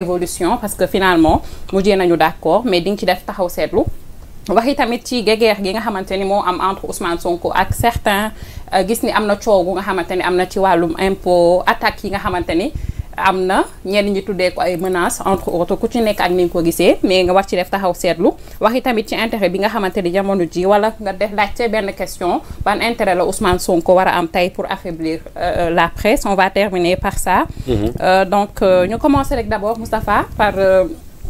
évolution parce que finalement mujjee nañu d'accord mais di nga ci def taxaw seetlu waxi tamit ci gegeer gi nga xamante ni moo am entre Ousmane Sonko ak certains euh, gis ni am na coow gu nga xamante ni am na ci wàllum impôt attaque yi nga xamante ni am na ñenn ñi tuddee ko ay menaces entre autres ku ci nekk ak ni nga ko gisee mais nga wax ci def taxaw seetlu waxi tamit ci intérêt bi nga xamante ni jamono ji wala nga def laajte benn question ban intérêt la Ousmane Sonko war a am tey pour affaiblir euh, euh la presse on va terminer par ça. Mm -hmm. euh, donc euh, ñu euh, commencer rek d'abord Moustapha par. Euh,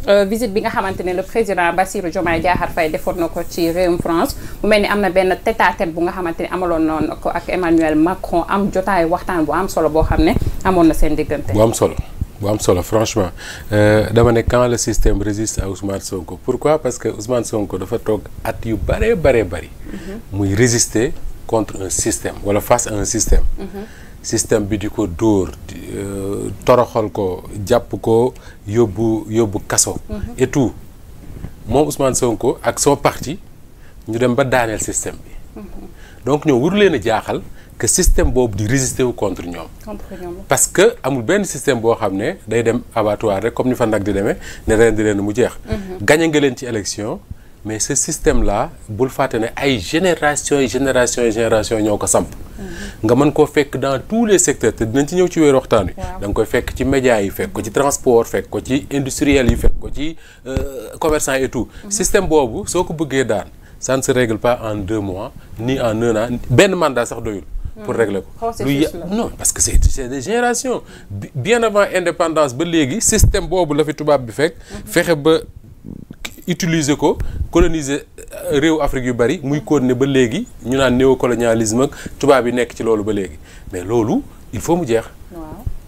euh, visite bi nga xamante ne le président Bassirou Diomaye Diakhar fay defoon na ko ci réewum France mu mel ni am na benn tête bu nga xamante ne amaloon noonu ko ak Emmanuel Macron am jotaay waxtaan bu am solo boo xam ne amoon na seen diggante. bu am solo bu am solo franchement euh, dama ne quand le système résiste à Ousmane Sonko pourquoi parce que Ousmane Sonko dafa toog at yu bëree bëree bëri. Mhm. muy résister contre un système wala face un système. Mhm. système bi di ko dóor euh, toroxal ko jàpp ko yóbbu yóbbu kaso. Mhm. et tout moom Ousmane Sonko ak son parti ñu dem ba daaneel système bi. donc ñoo waru leen jaaxal. que système boobu di résister wu contre ñoom. parce que amul benn système boo xam ne day dem abattoir rek comme ni fa nag di demee ne ren di leen mu jeex. Mhm. gañe nga leen ci élection. mais ce système la bul fàtte ne ay génération génération génération ñoo ko samp mhm. nga mën koo fekk dans tous les secteurs te dinañ ci ñëw ci wéer waxtaan wi da nga koy fekk ci médias yi fekk ko ci transport fekk ko ci industriel yi fekk ko ci euh, commerçant et tout mhm. système boobu soo ko bëggee daan ça ne en deux mois ni en un benn mandat sax doyul pour régler ko lu non parce que c'est c'est des générations bien avant indépendance ba léegi système boobu la fi tubaab bi fekk fexe ba utiliser ko coloniser euh, réew Afrique yu bari muy koon ne ba léegi ñu naan néocolonialisme ak tubaab yi nekk ci loolu ba léegi mais loolu il faut mu jeex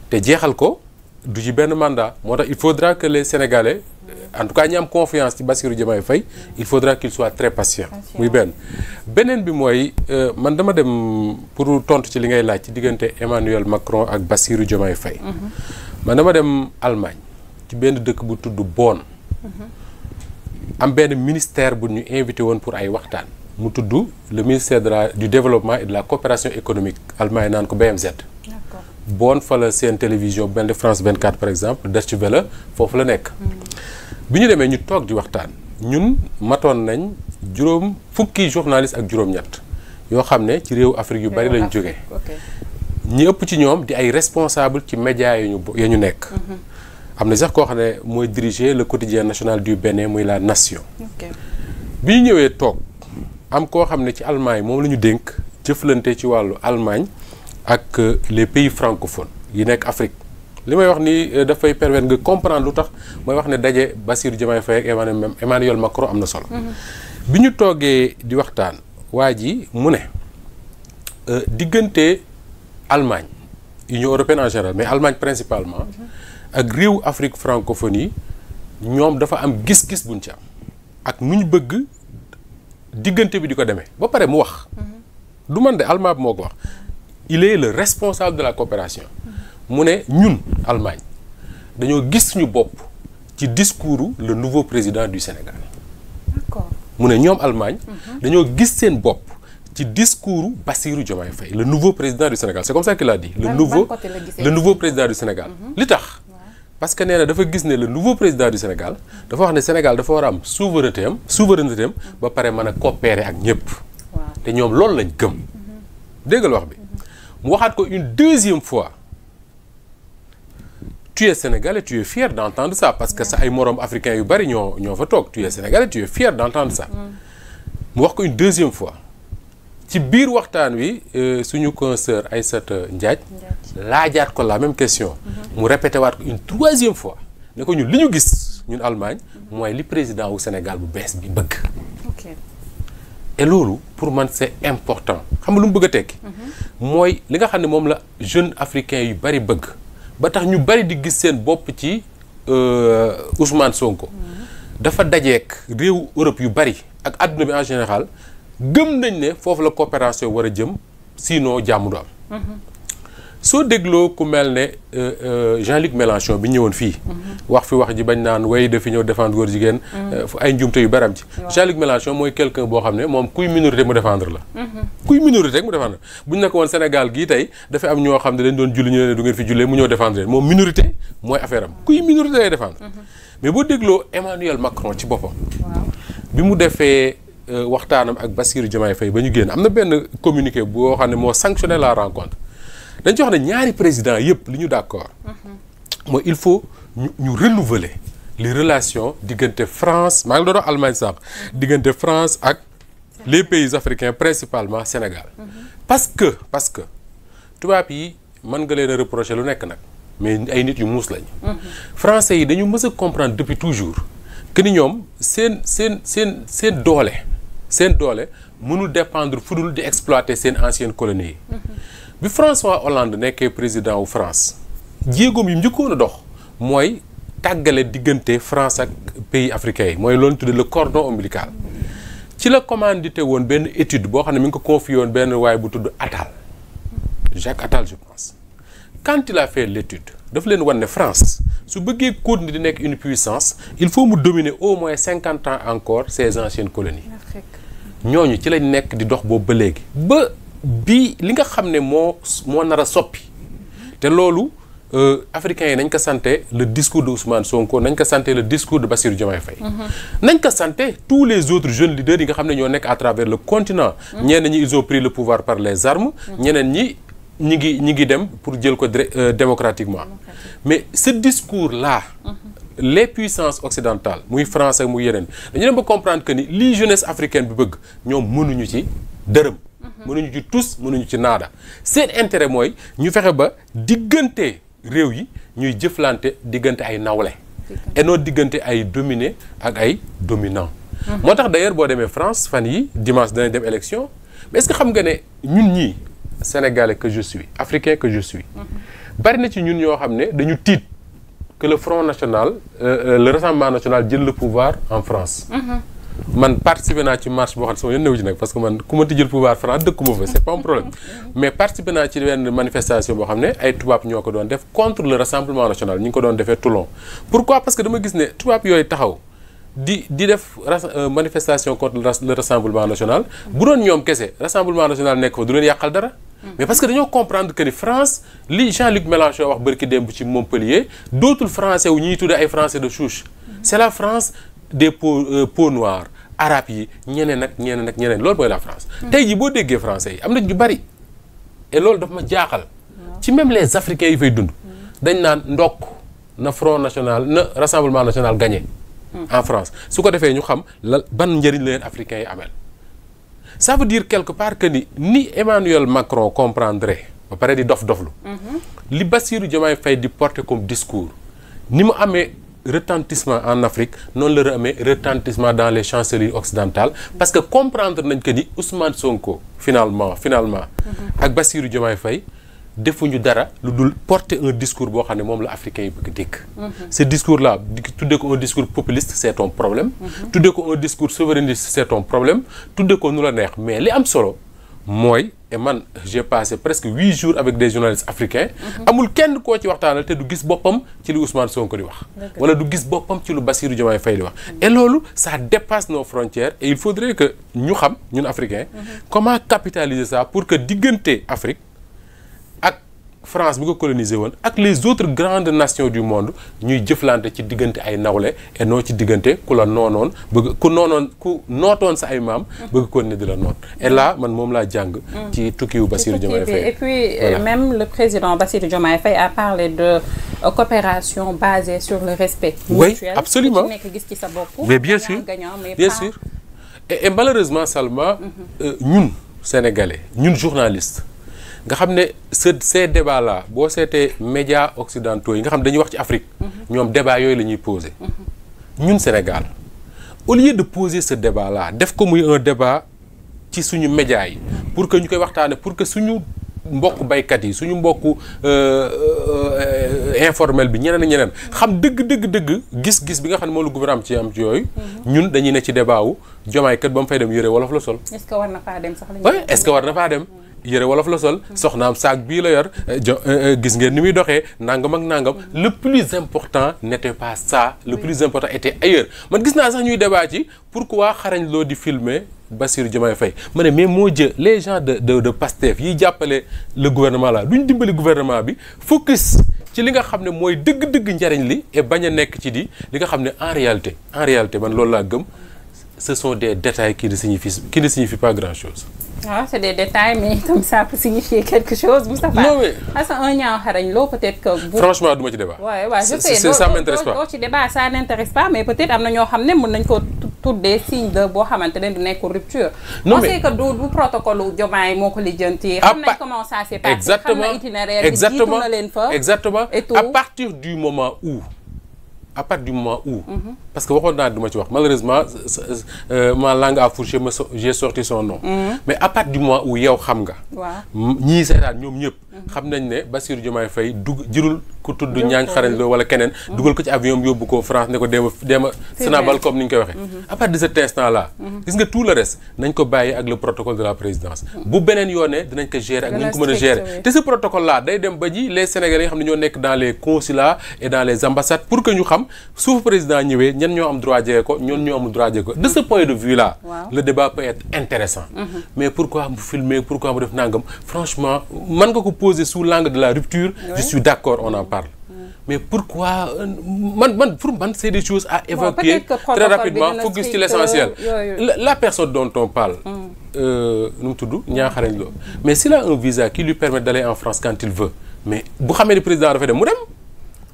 te jeexal ko du ci benn mandat moo tax il faut que les Sénégalais Euh, en tout cas ñi am confiance ci Bassirou Diomaye fay il faudra qu'il soit très patient muy benn beneen bi mooy euh, man dama dem pour tontu ci li ngay laaj ci diggante Emmanuel Macron ak Bassirou Diomaye fay mhm. man dama dem Allemagne ci benn dëkk bu tudd Bonn mhm. am benn ministère bu ñu invité woon pour ay waxtaan mu tudd le ministère de la du développement et la coopération économique Allemagne naan ko BMZ Bonn fa la seen télévision benn France 24 par exemple Deutsche Welle foofu la nekk mhm. bi ñu demee ñu toog di waxtaan ñun matoon nañ juróom fukki journaliste ak juróom-ñett yoo xam ne ci réew Afrique yu bari lañ jógee ñi ëpp ci ñoom di ay responsable ci média yu ñu nekk mm-hmm. am na sax koo xam ne mooy diriger le quotidien national du Bénin muy la Nation bi ñu ñëwee toog am koo xam ne ci Allemagne moom la ñu dénk jëflante ci wàllu Allemagne ak euh, les pays francophones yi nekk Afrique li may wax nii euh, dafay permettre nga comprendre lu tax mooy wax ne daje Bassirou Diomaye Faye ak Emmanuel Macron am na solo. Mhm. bi ñu toogee di waxtaan waa ji mu ne euh, diggante Allemagne Union européenne en général mais Allemagne principalement mhm. ak réew Afrique francophonie ñoom dafa am gis-gis buñ ci am ak nu ñu bëgg diggante bi di ko demee ba pare mu wax. Mhm. du man de Allemagne moo ko wax il est le responsable de la coopération. mu ne ñun Allemagne dañoo gis suñu bopp ci discours le nouveau président du Sénégal. d'accord mu ne ñoom Allemagne. Mhm. dañoo gis seen bopp ci discours Bassirou Diomaye Faye le nouveau président du Sénégal c'est comme ça qu'il a dit. le nouveau le nouveau président du Sénégal. Mhm. li tax parce que nee na dafa gis ne le nouveau président du Sénégal dafa wax ne Sénégal dafa war a am souveraineté am souveraineté am ba pare mën a coopérer ak ñëpp. te ñoom loolu lañ gëm. Mhm. déggal wax bi mu waxaat ko une deuxième fois. tu es sénégalais tu es fier d'entendre ça parce que sa ay moroom africain yu bari ñoo fa toog tu es sénégalais tu es fier d'entendre ça mm. mu wax ko une deuxième fois ci biir waxtaan wi euh, suñu ay Aïssata Ndiaye laajaat ko la même question mm-hmm. mu répété waat ko une troisième fois ni ko ñu li ñu gis ñun Allemagne mm-hmm. mooy li président wu Sénégal bu bees bi bëgg et loolu pour man c'est important xam nga lu mu bëgg a tekki mm-hmm. mooy li nga xam ne moom la jeune africain yu bari bëgg ba tax ñu bari di gis seen bopp ci euh, Ousmane Sonko. Mm-hmm. dafa dajeek réew Europe yu bari ak àdduna bi en général gëm nañ ne foofu la coopération war a jëm sinon jàmm du am. Mm-hmm. soo dégloo ku mel ne euh, euh, Jean-Luc Mélenchon bi ñëwoon fii. Mm-hmm. wax fi wax ji bañ naan way dafi ñëw défendre góor jigéen. Mm-hmm. Euh, ay njuumte yu baram ci. Jean-Luc Mélenchon mooy quelqu'un boo xam ne moom kuy minorité mu défendre la. Mm-hmm. kuy minorité rek mu défendre buñ Sénégal gii tey dafa am ñoo xam ne dañ doon julli ñu fi jullee mu ñëw défendre moom minorité mooy affaire am kuy minorité lay défendre. mais boo dégloo Emmanuel Macron ci boppam. bi mu defee. waxtaanam ak Bassirou Diomaye Faye ba ñu génn am na benn communiqué boo xam ne moo sanctionné la rencontre dañ jox wax ñaari président yëpp li ñu d'accord mooy il faut ñu ñu renouveler les relations diggante France maa ngi doon Allemagne sax diggante France ak les pays africains principalement Sénégal parce que parce que tubaab yi mën nga leen a reprocher lu nekk nag mais ay nit yu muus lañ français yi dañu mës a comprendre depuis toujours que ni ñoom seen seen seen seen doole seen doole mënul dépendre dul di exploiter seen anciennes colonies yi bi François Hollande nekkee président wu France jéegoom yi njëkkoon a dox mooy tàggale diggante France ak pays africain yi mooy loolu tudde le cordon ombilical ci la commandité woon benn étude boo xam ne mi ngi ko confié benn waaye bu tudd Attal Jacques Attal je pense quand il a fait l'étude dafa leen wan ne France su bëggee continuer di nekk une puissance il faut mu dominer au moins cinquante ans encore ses anciennes colonies ñooñu ci lañ nekk di dox boobu ba léegi bi li nga xam ne moo moo nar a soppi te loolu euh, africains yi nañ ko santé le discours de Ousmane Sonko nañ ko santé le discours de Bassirou Diomaye Faye mhm. nañ ko santé tous les autres jeunes leaders yi nga xam ne ñoo nekk à travers le continent mhm. ñenn ñi ils ont le pouvoir par les armes mhm. ñeneen ñi ñi ngi ñi ngi dem pour jël ko euh, démocratiquement mais ce discours la les puissances occidentales muy France ak muy yeneen dañu dem ba comprendre que ni li jeunesse africaine bi bëgg ñoom mënuñu ci dërëm Mhm. mënuñu ci tus mënuñu ci naada seen intérêt mooy ñu fexe ba diggante réew yi ñuy jëflante diggante ay nawle enoo diggante ay dominé ak ay dominant mhm. moo tax d'ailleurs boo demee France fan yi dimanche danay dem élection mais est que xam nga ne ñun ñi sénégalais que je suis africain que je suis mhm. bari na ci ñun ñoo xam ne dañu tiit que le front national euh, euh le rassemblement jël le pouvoir en France man participer naa ci marche boo xam ne sama yoon newu ci nag parce que man ku ma tijjal pouvoir franc dëkkuma fa c'est pas un problème mais participer naa ci benn manifestation boo xam ne ay tubaab ñoo ko doon def contre le rassemblement national ñu ngi ko doon defee Toulon pourquoi parce que dama gis ne tubaab yooyu taxaw di def euh, manifestation contre le rassemblement national bu doon ñoom kese rassemblement national nekk fa du leen yàqal dara mais parce que dañoo comprendre que ni France li Jean-Luc Mélenchon wax bërki démb ci Montpellier ay français de souche c'est la France des peaux euh, peaux noires arab yi ñeneen ak ñeneen ak ñeneen loolu mooy la France tey jii boo déggee français yi am nañ ñu bari loolu daf ma jaaxal ci même les africains yi fay dund hmm. dañ naan ndokk na front national na rassemblement national gagné hmm. en France su ko defee ñu xam la ban njëriñ la leen africains yi amel ça veut dire quelque part que ni ni Emmanuel Macron comprendrait ba pare di dof doflu mm-hmm. li Bassirou Diomaye Faye di porter comme discours ni mu amee retentisment en Afrique noonu la amee retentissement dans les chancelleries occidentales parce que comprendre nañ que ni Ousmane Sonko finalement finalement. Mhm. ak Bassirou fay defu ñu dara lu dul porte un discours boo xam ne moom la africain yi bëgg dégg. Mhm. ce discours là tuddee ko un discours populiste c' est problème. Mhm. tuddee ko un discours souverainiste c' problème tuddee ko nu la neex mais li am solo mooy. et man j'ai passé presque huit jours avec des journalistes africains. amul kenn koo ci waxtaanal te du gis boppam ci lu li soo ko di wax. wala du gis boppam ci lu Bassirou Diomaye fay di wax. et loolu ça dépasse nos frontières et il faudrait que ñu xam ñun africains. Mhm. comment capitaliser sax pour que diggante Afrique. France bi nga colonisé woon ak les autres grandes nations du monde ñuy jëflante ci diggante ay nawle et noo ci diggante ku la noonoon bëgg ku noonoon ku nootoon sa ay maam mm. bëgg ko ne di la noon et là man moom laa jàng mm. ci tukkiwu Bassirou Diomaye Faye et puis voilà. même le président Bassirou Diomaye Faye a parlé de euh, coopération basée sur le respect mutuel oui absolument gis ci sa bopp mais bien sûr bien sûr et, et malheureusement Salma ñun mhm. euh, ñun journaliste nga xam ne ce ces débats là boo seetee médias occidentaux yi nga xam dañuy wax ci Afrique. ñoom débat yooyu la ñuy poser. ñun Sénégal au lieu de poser ce débat là def ko muy un ci suñu médias yi pour que ñu koy waxtaane pour que suñu mbokk baykat yi suñu mbokk euh, euh, informel bi ñeneen ñeneen xam dëgg dëgg dëgg gis-gis bi nga xam ne moom la gouvernement ci am ci yooyu. ñun dañuy ne ci débat wu jomaay kat ba mu fay dem yëre wolof la sol. est na faa dem sax war na faa dem. yére wolof la sol soxnaam saak bii la yor eh, jo eh, eh, gis ngeen ni muy doxee nangam ak nangam le plus important n'était pas ça le plus important était ailleurs man gis naa sax ñuy débat ci pourquoi xarañ loo di filmer Bassirou Diomaye Faye ma ne mais moo jë les gens de de de Pastef yiy jàppale le gouvernement la duñ dimbali gouvernement bi focus ci li nga xam ne mooy dëgg-dëgg njariñ li et bañ a nekk ci di li nga xam ne en réalité en réalité man loolu laa gëm ce sont des détails qui ne signifient qui ne signifient pas waaw ah, c'est des détails mais comme ça peut signifier quelque chose Moustapha. non mais Assane ah, un ñaaw xarañ loo peut-être que. bu franchement du ma ci débat. waaw waaw je sais doo doo ci débat ça n'intéresse pas mais peut ne mën nañ de boo xamante ne du nekk rupture. non mais on sait que du du protocole Diomaye moo ko lijjanti. xam ah, nañ comment ça s'est passé. exactement xam na itinéraire bi jiitu à du moment où. parce que waxoon naa duma ci wax malheureusement euh, ma langue à fourcher ma j'ai sorti son nom. Mhm. mais à partir du moment où yow xam nga. waaw ñii seetaan ñoom ñëpp. xam nañ ne Bassirou Diomaye fay dugg jëlul. ku tudd ñaañ xarañ loo wala keneen mm-hmm. dugal ko ci avion yóbbu ko France ne ko deema deema sénabal comme ni ñu koy waxee mm-hmm. à de cet instant là mm-hmm. gis nga tout le reste nañ ko bàyyi ak le protocole de la présidence bu beneen yoonee dinañ ko gérer ak nañ ko mën a nga xam ne ñoo et dans les ambassades pour que ñu xam suuf président ñëwee ñan ñoo am droit jege ko ñoon ñoo amul droit jege ko de ce point de vue là le débat peut être intéressant mais pourquoi mu parle. mais pourquoi euh, man man pour man c'est des choses à évacuer très rapidement focus ci l'essentiel euh, la personne dont on parle mm. euh, nu mu tudd ñaaxarañ loo mais s'il a un visa qui lui permet d'aller en France quand il veut mais bu xamee ni président dafa dem mu dem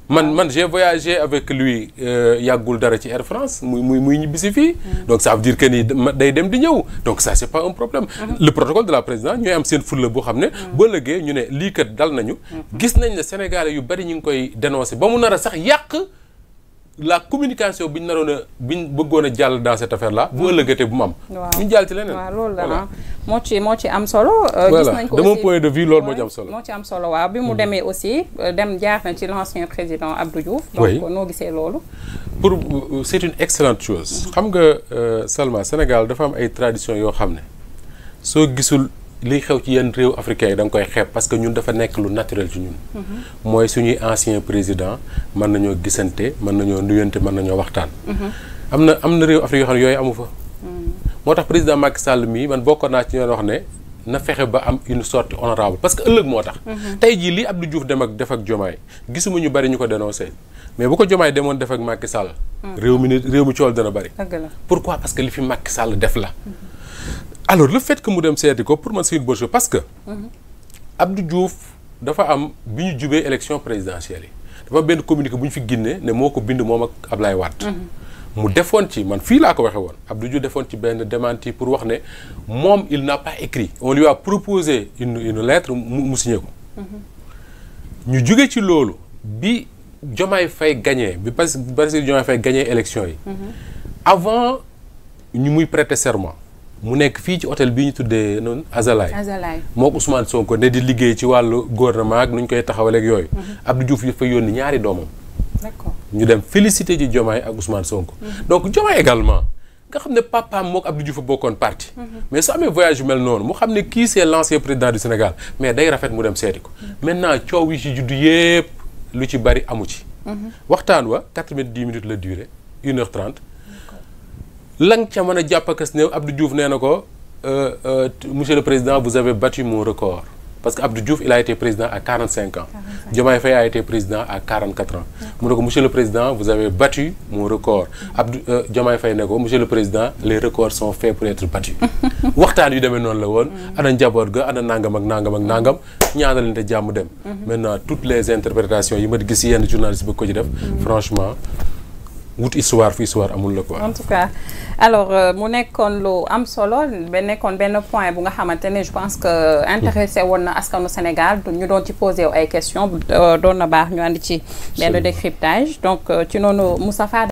man man j'ai voyagé avec lui euh, yàggul dara ci Air France muy muy muy ñibbisi fii. Mm. donc ça veut dire que ni day dem di ñëw donc ça c'est pas un problème. Mm-hmm. le protocole de la présidence ñooy am seen fulla boo xam ne. Mm. ba lëggee ñu ne lii kat dal nañu. Mm-hmm. gis nañ ne sénégalais yu bari ñu ngi koy dénoncer ba mu nar sax yàq. la communication bi ñu naroon a bi ñu bëggoon a jàll dans cette affaire là. bu mm. ëllëgatee bu mu am. ñu jàll ci leneen. waaw loolu la ah. moo ci moo ci am solo. Euh, gis nañ de mon moo ci am moo ci am solo waaw bi mu mm. demee aussi euh, dem jaar na ci l'ancien président Abdou Diouf. donc noo gisee loolu. pour euh, c'est une excellente chose. Mm. xam nga Salma Sénégal dafa am ay tradition yoo xam ne soo gisul. liy xew ci yenn réew africain yi da nga koy xeeb parce que ñun dafa nekk lu naturel ci ñun. Mm-hmm. mooy suñuy ancien président mën nañoo gisante mën nañoo nuyante mën nañoo waxtaan. Mm-hmm. am na am na réew Afrique yoo yooyu amu fa. Mm-hmm. moo tax président Macky sàll mii man bokkoon naa ci ñoo wax ne na fexe ba am une sorte honorable parce que ëllëg moo tax. tey jii lii Abdou Diouf dem ak def ak Diomaye gisuma ñu bari ñu ko dénoncé mais bu ko Diomaye demoon def ak Macky Sall. Mm. réew mi ni réew mi cool dana bari. pourquoi parce que li fi Macky Sall def la. alors lu fait ko mu dem seeti ko pour man c'est une bonne chose parce que. Mm-hmm. Abdou juuf dafa am bi ñu jubee élection présidentielle yi dafa benn communiqué bu ñu fi génnee ne moo ko bind moom ak lay Wade. Mm-hmm. mu defoon ci man fii laa ko waxee woon Abdou Diouf defoon ci benn démenti pour wax ne moom il n'a pas écrit. on li a proposer une une lettre mu mu signé ko. Mm-hmm. ñu jóge ci loolu bi Diomaye fay gañee bi parce que Bassirou Diomaye Faye gagné élection yi. avant ñu muy prêter serment. mu nekk fii ci hôtel bi ñu tuddee noonu Azalaï Azalaï moo ko Ousmane Sonko ne di liggéey ci wàllu gouvernement ak nu ñu koy taxawaleeg yooyu. ab mhm. Abdou yu dafa yónni ñaari doomam. d'accord ñu dem félicité ci jomaay ak Ousmane Sonko. Mhm. donc Diomaye également nga xam ne papaam moog Abdou Diouf a bokkoon parti. Mhm. mais su amee voyage yu mel noonu mu xam ne kii c'est l'ancien président du Sénégal mais day rafet mu dem seeti ko. maintenant coow yi ci juddu yépp lu ci bari amu ci. waxtaan wa 90 minutes la durée une heure lang ca mën a jàpp ak néew Abdou Diouf nee na ko euh, euh, monsieur le président vous avez battu mon record parce que Abdou Diouf il a été président à 45 ans Diomaye Faye a été président à 44 ans mu ne ko monsieur le président vous avez battu mon record Abdou euh, Diomaye fay ne ko monsieur le président les records sont faits pour être battus waxtaan yu demee noonu la woon mm. ana njaboot ga ana nangam ak nangam ak nangam ñaanalante jàmm dem mm-hmm. maintenant toutes les interprétations yi ma gis yenn journaliste bëgg ko ci def mm-hmm. franchement wut histoire fu histoire amul la quoi. en tout cas alors euh, mu nekkoon lu am solo ba nekkoon benn point bu nga xamante ne je pense que intéressé woon na askanu Sénégal ñu doon ci posé ay questions euh, doon na baax ñu ànd ci benn décryptage donc euh, ci noonu Moustapha